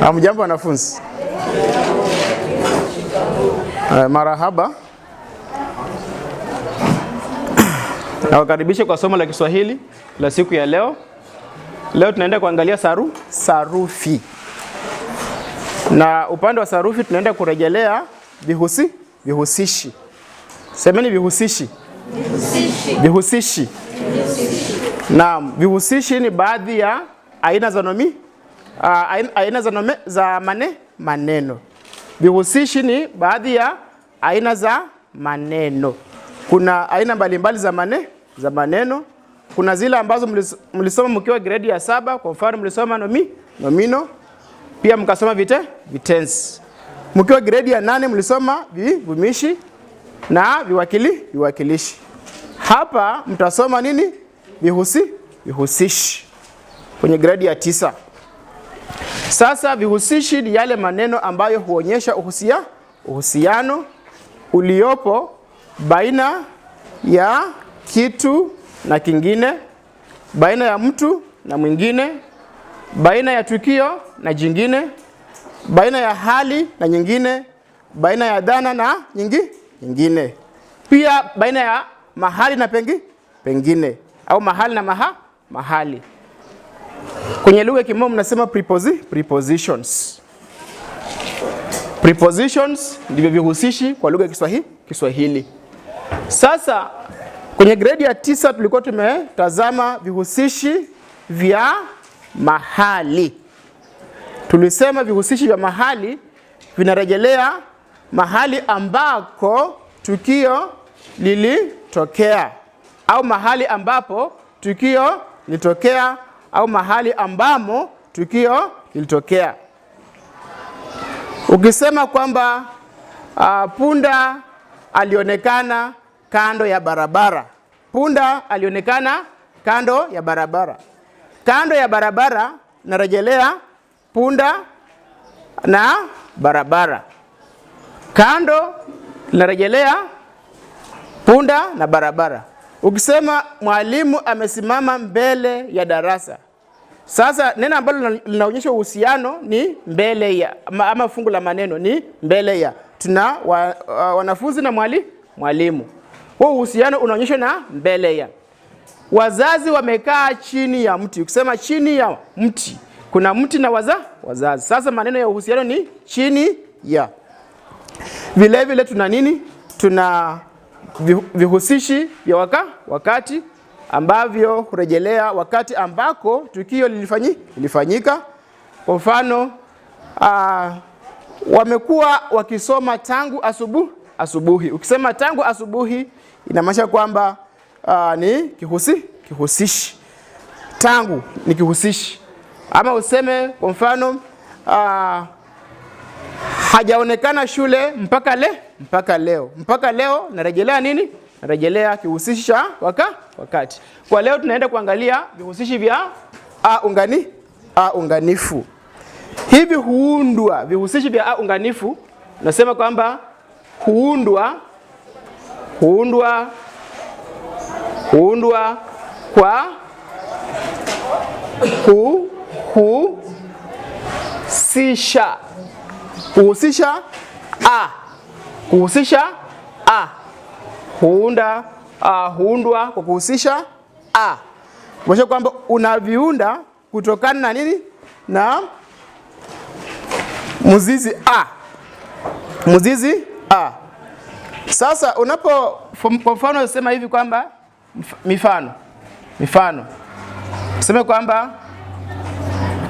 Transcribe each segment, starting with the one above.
Hamjambo wanafunzi, eh, marahaba. Nawakaribisha kwa somo la Kiswahili la siku ya leo. Leo tunaenda kuangalia saru, sarufi na upande wa sarufi tunaenda kurejelea vihusi, vihusishi. Semeni vihusishi, vihusishi, vihusishi. Naam, vihusishi ni baadhi ya aina za nomi uh, aina za, nome, za mane, maneno. Vihusishi ni baadhi ya aina za maneno. Kuna aina mbalimbali za, mane, za maneno. Kuna zile ambazo mlisoma mkiwa gredi ya saba, kwa mfano mlisoma nomi, nomino, pia mkasoma vite, vitensi. Mkiwa gredi ya nane mlisoma vivumishi na viwakili, viwakilishi. Hapa mtasoma nini? Vihusi, vihusishi kwenye gredi ya tisa. Sasa vihusishi ni yale maneno ambayo huonyesha uhusia, uhusiano uliopo baina ya kitu na kingine, baina ya mtu na mwingine, baina ya tukio na jingine, baina ya hali na nyingine, baina ya dhana na nyingi, nyingine, pia baina ya mahali na pengi, pengine au mahali na maha, mahali Kwenye lugha ya kimombo mnasema preposi, prepositions. Prepositions ndivyo vihusishi kwa lugha ya Kiswahili. Sasa kwenye gredi ya tisa tulikuwa tumetazama vihusishi vya mahali. Tulisema vihusishi vya mahali vinarejelea mahali ambako tukio lilitokea au mahali ambapo tukio lilitokea au mahali ambamo tukio lilitokea. Ukisema kwamba uh, punda alionekana kando ya barabara, punda alionekana kando ya barabara, kando ya barabara, narejelea punda na barabara, kando, narejelea punda na barabara. Ukisema mwalimu amesimama mbele ya darasa, sasa neno ambalo linaonyesha uhusiano ni mbele ya, ama fungu la maneno ni mbele ya. Tuna wa, wa, wanafunzi na mwali, mwalimu. Huo uhusiano unaonyeshwa na mbele ya. Wazazi wamekaa chini ya mti. Ukisema chini ya mti, kuna mti na waza wazazi. Sasa maneno ya uhusiano ni chini ya. Vilevile tuna nini? Tuna vihusishi vya waka, wakati ambavyo hurejelea wakati ambako tukio lilifanyi, lilifanyika. Kwa mfano uh, wamekuwa wakisoma tangu asubu, asubuhi. Ukisema tangu asubuhi inamaanisha kwamba uh, ni kihusi, kihusishi. Tangu ni kihusishi, ama useme kwa mfano uh, hajaonekana shule mpaka le mpaka leo mpaka leo narejelea nini? Narejelea kihusishi cha waka, wakati. Kwa leo tunaenda kuangalia vihusishi vya a ungani a unganifu. Hivi huundwa vihusishi vya a unganifu, nasema kwamba huundwa huundwa huundwa kwa kuhusisha kuhusisha a, kuhusisha a, huunda a, huundwa kwa kuhusisha a, kumaanisha kwamba unaviunda kutokana na nini? Na mzizi a, mzizi a. Sasa unapo kwa mfano sema hivi kwamba mifano mifano sema kwamba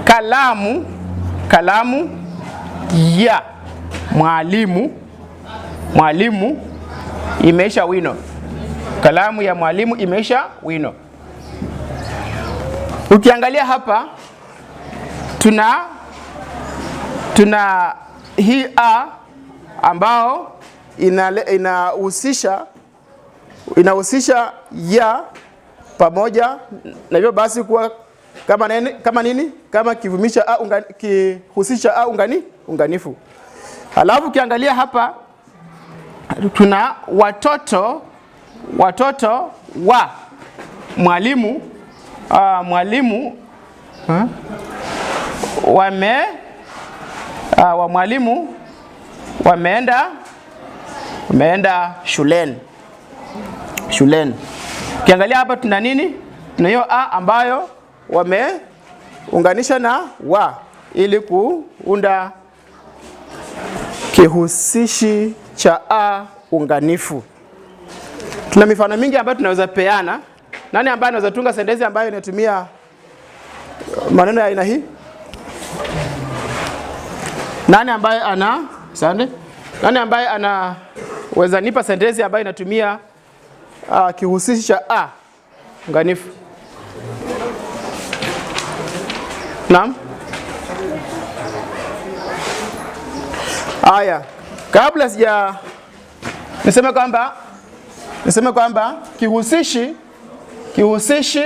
kalamu kalamu ya mwalimu mwalimu imeisha wino. Kalamu ya mwalimu imeisha wino. Ukiangalia hapa tuna tuna hii a ambao inahusisha ina inahusisha ya pamoja na hivyo basi kuwa kama nini, kama nini kama kivumisha au unga, kihusisha au ungani unganifu. Alafu ukiangalia hapa tuna watoto watoto wa mwalimu uh, mwalimu huh? wame uh, wa mwalimu wameenda wameenda shuleni shuleni. Ukiangalia hapa tuna nini? Tuna hiyo a ambayo wameunganisha na wa ili kuunda kihusishi cha a unganifu. Tuna mifano mingi ambayo tunaweza peana. Nani ambaye anaweza tunga sentensi ambayo inatumia maneno ya aina hii? Nani ambaye ana sande? Nani ambaye anaweza nipa sentensi ambayo inatumia uh, kihusishi cha a unganifu? Naam. Aya, kabla sija niseme kwamba niseme kwamba kihusishi kihusishi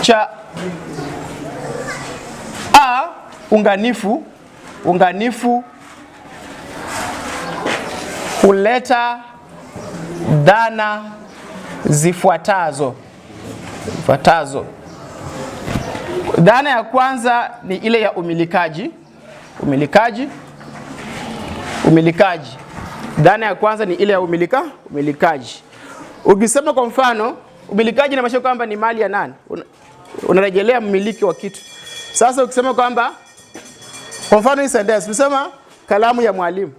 cha a unganifu unganifu huleta dhana zifuatazo zifuatazo Dhana ya kwanza ni ile ya umilikaji. Umilikaji, umilikaji. Dhana ya kwanza ni ile ya umilika, umilikaji. Ukisema kwa mfano umilikaji, namaanisha kwamba ni mali ya nani, unarejelea mmiliki wa kitu. Sasa ukisema kwamba kwa mfano hii sentence usema kalamu ya mwalimu,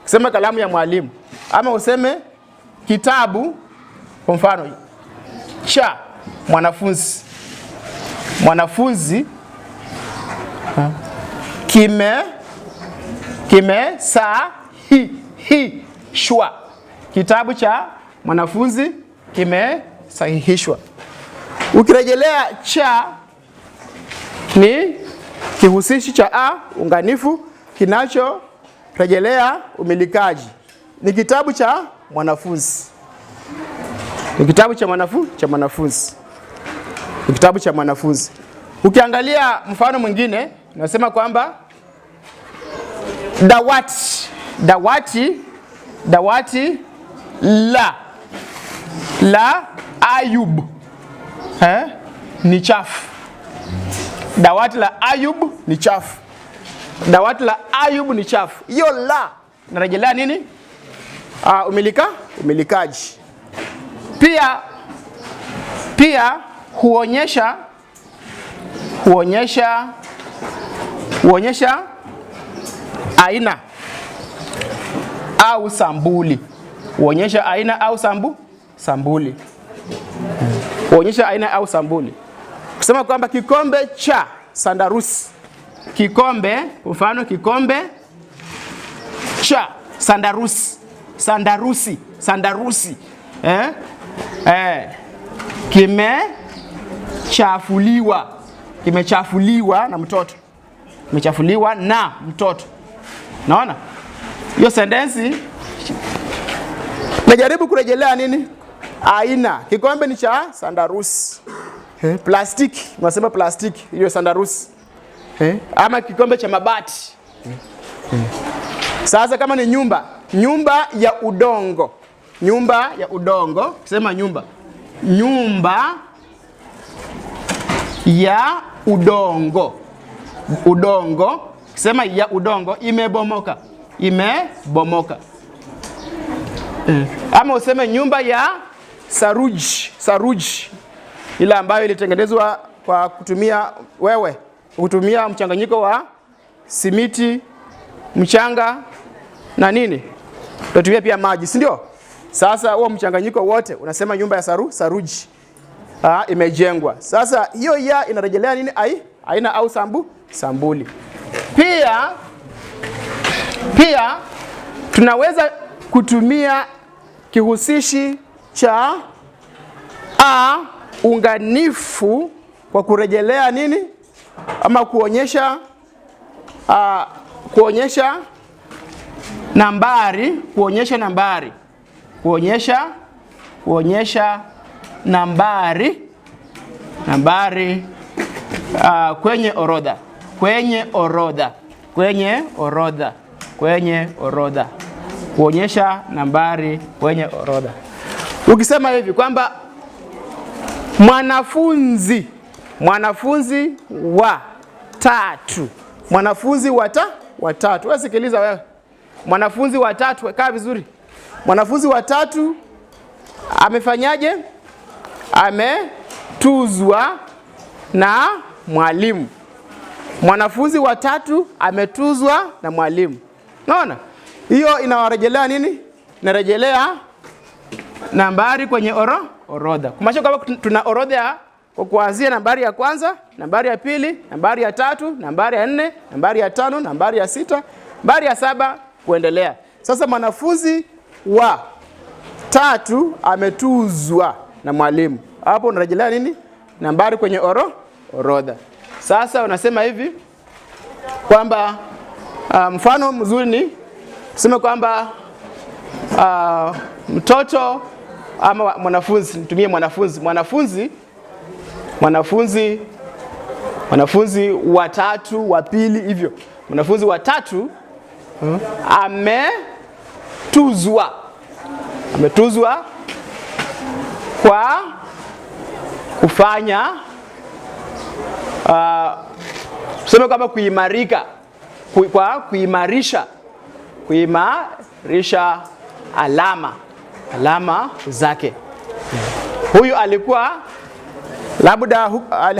ukisema kalamu ya mwalimu, ama useme kitabu kwa mfano cha mwanafunzi mwanafunzi kime shwa Kitabu cha mwanafunzi kimesahihishwa. Ukirejelea cha ni kihusishi cha a unganifu kinachorejelea umilikaji. Ni kitabu cha mwanafunzi, ni kitabu cha mwanafunzi cha mwanafunzi ni kitabu cha mwanafunzi. Ukiangalia mfano mwingine nasema kwamba dawati dawati dawati la la Ayub ha? Eh? ni chafu. Dawati la Ayub ni chafu. Dawati la Ayub ni chafu. Hiyo la narejelea nini? Uh, umilika umilikaji pia pia huonyesha huonyesha huonyesha aina au sambuli, huonyesha aina au sambu sambuli, huonyesha aina au sambuli, kusema kwamba kikombe cha sandarusi, kikombe, mfano kikombe cha sandarusi, sandarusi, sandarusi eh? Eh. kime kimechafuliwa, kimechafuliwa na mtoto, kimechafuliwa na mtoto. Naona hiyo sentensi, najaribu kurejelea nini? Aina. Kikombe ni cha sandarusi eh, plastiki, unasema plastiki hiyo sandarusi eh, ama kikombe cha mabati eh. Sasa kama ni nyumba, nyumba ya udongo, nyumba ya udongo, sema nyumba, nyumba ya udongo. Udongo sema ya udongo imebomoka, imebomoka. eh. Ama useme nyumba ya saruji, saruji ile ambayo ilitengenezwa kwa kutumia wewe, kutumia mchanganyiko wa simiti, mchanga na nini, tunatumia pia maji, si ndio? Sasa huo mchanganyiko wote unasema nyumba ya saru, saruji aa, ah, imejengwa. Sasa hiyo ya inarejelea nini? Ai, aina au sambu sambuli. Pia pia tunaweza kutumia kihusishi cha a unganifu kwa kurejelea nini ama kuonyesha a, kuonyesha nambari kuonyesha nambari kuonyesha kuonyesha nambari nambari uh, kwenye orodha kwenye orodha kwenye orodha kwenye orodha kuonyesha nambari kwenye orodha. Ukisema hivi kwamba mwanafunzi mwanafunzi wa tatu mwanafunzi wa ta watatu, wewe sikiliza, wewe mwanafunzi wa tatu, kaa vizuri. Mwanafunzi wa tatu amefanyaje? ametuzwa na mwalimu. Mwanafunzi wa tatu ametuzwa na mwalimu. naona hiyo inawarejelea nini? Inarejelea nambari kwenye oro, orodha. Kumaanisha kwamba tuna orodha ya kwa kuanzia nambari ya kwanza, nambari ya pili, nambari ya tatu, nambari ya nne, nambari ya tano, nambari ya sita, nambari ya saba kuendelea. Sasa mwanafunzi wa tatu ametuzwa na mwalimu. Hapo unarejelea nini? Nambari kwenye oro orodha. Sasa unasema hivi kwamba uh, mfano mzuri ni sema kwamba uh, mtoto ama mwanafunzi, nitumie mwanafunzi, mwanafunzi mwanafunzi mwanafunzi watatu wa pili hivyo, mwanafunzi watatu hmm? ametuzwa ametuzwa kwa kufanya uh, tuseme kwamba kuimarika kui, kwa kuimarisha kuimarisha alama alama zake. Huyu alikuwa labda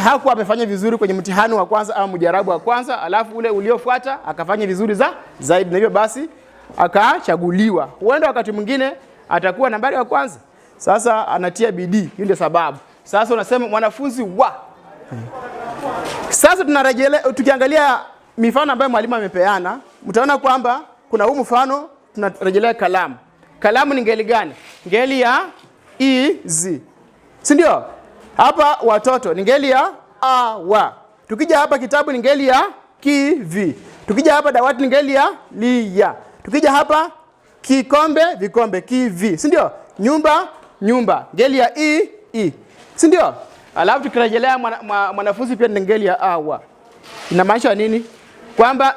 hakuwa amefanya vizuri kwenye mtihani wa kwanza au mjarabu wa kwanza, alafu ule uliofuata akafanya vizuri za zaidi, na hivyo basi akachaguliwa. Huenda wakati mwingine atakuwa nambari wa kwanza. Sasa anatia bidii, hiyo ndio sababu. Sasa unasema mwanafunzi wa. Sasa tunarejele, tukiangalia mifano ambayo mwalimu amepeana, mtaona kwamba kuna huu mfano tunarejelea kalamu. Kalamu ni ngeli gani? Ngeli ya i z. Si ndio? Hapa watoto ni ngeli ya a wa. Tukija hapa kitabu ni ngeli ya ki vi. Tukija hapa dawati ni ngeli ya li ya. Tukija hapa kikombe vikombe ki vi. Si ndio? Nyumba nyumba, ngeli ya i e, i, e. si ndio? Alafu tukirejelea mwanafunzi pia ni ngeli ya awa. Inamaanisha nini? Kwamba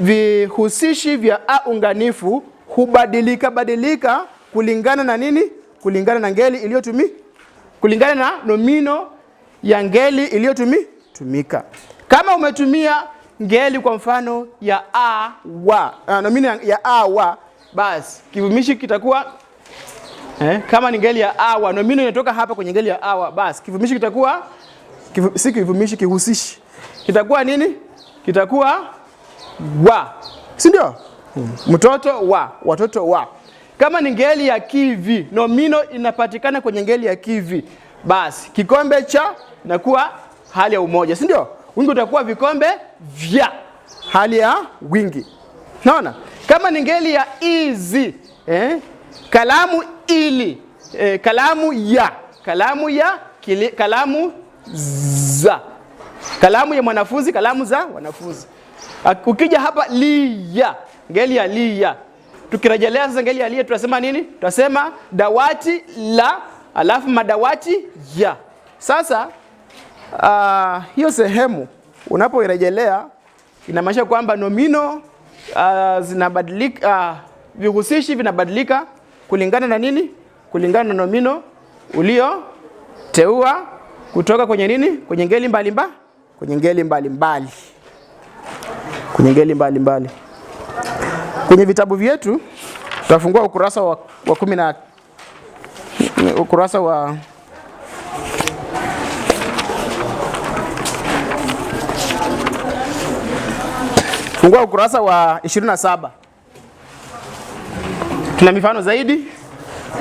vihusishi vya a unganifu hubadilika badilika kulingana na nini? Kulingana na ngeli iliyotumi, kulingana na nomino ya ngeli tumika. Kama umetumia ngeli kwa mfano ya a wa, ah, nomino ya a wa, basi kivumishi kitakuwa eh? Kama ni ngeli ya awa, nomino inatoka hapa kwenye ngeli ya awa, basi kivumishi kitakuwa kifu, si kivumishi, kihusishi kitakuwa nini? Kitakuwa wa, si ndio? Hmm. Mtoto wa, watoto wa. Kama ni ngeli ya kivi, nomino inapatikana kwenye ngeli ya kivi, basi kikombe cha inakuwa hali ya umoja, si ndio? Wingi utakuwa vikombe vya, hali ya wingi. Naona kama ni ngeli ya izi eh? kalamu ili e, kalamu ya kalamu ya kili, kalamu za kalamu ya mwanafunzi kalamu za wanafunzi. Ukija hapa liya ngeli ya liya, tukirejelea sasa ngeli ya liya tunasema nini? Tunasema dawati la alafu madawati ya. Sasa uh, hiyo sehemu unapoirejelea inamaanisha kwamba nomino uh, zinabadilika uh, vihusishi vinabadilika kulingana na nini? Kulingana na nomino ulioteua kutoka kwenye nini? Kwenye ngeli mbalimbali, kwenye ngeli mbalimbali, kwenye ngeli mbalimbali. Kwenye vitabu vyetu tutafungua ukurasa wa, wa kumi na ukurasa wa fungua ukurasa wa 27. Tuna mifano zaidi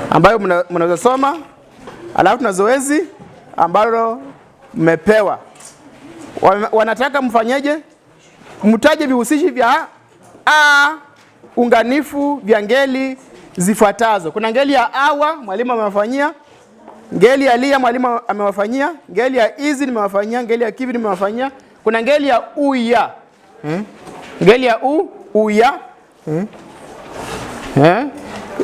ambayo mnaweza soma, alafu tuna zoezi ambalo mmepewa. Wanataka mfanyeje? Mtaje vihusishi vya a unganifu vya ngeli zifuatazo. Kuna ngeli ya awa, mwalimu amewafanyia ngeli ya lia, mwalimu amewafanyia ngeli ya izi, nimewafanyia ngeli ya kivi, nimewafanyia. Kuna ngeli ya uya hmm? ngeli ya u uya hmm? Hmm?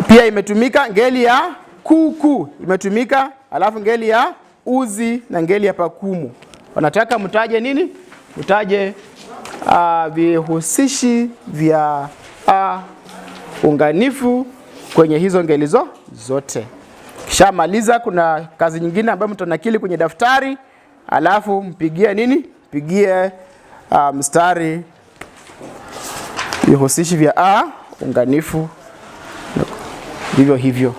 Pia imetumika ngeli ya kuku imetumika, alafu ngeli ya uzi na ngeli ya pakumu. Wanataka mtaje nini? Mtaje uh, vihusishi vya uh, unganifu kwenye hizo ngeli zo zote. Kisha maliza, kuna kazi nyingine ambayo mtanakili kwenye daftari, alafu mpigie nini? Mpigie uh, mstari vihusishi vya a uh, unganifu vivyo hivyo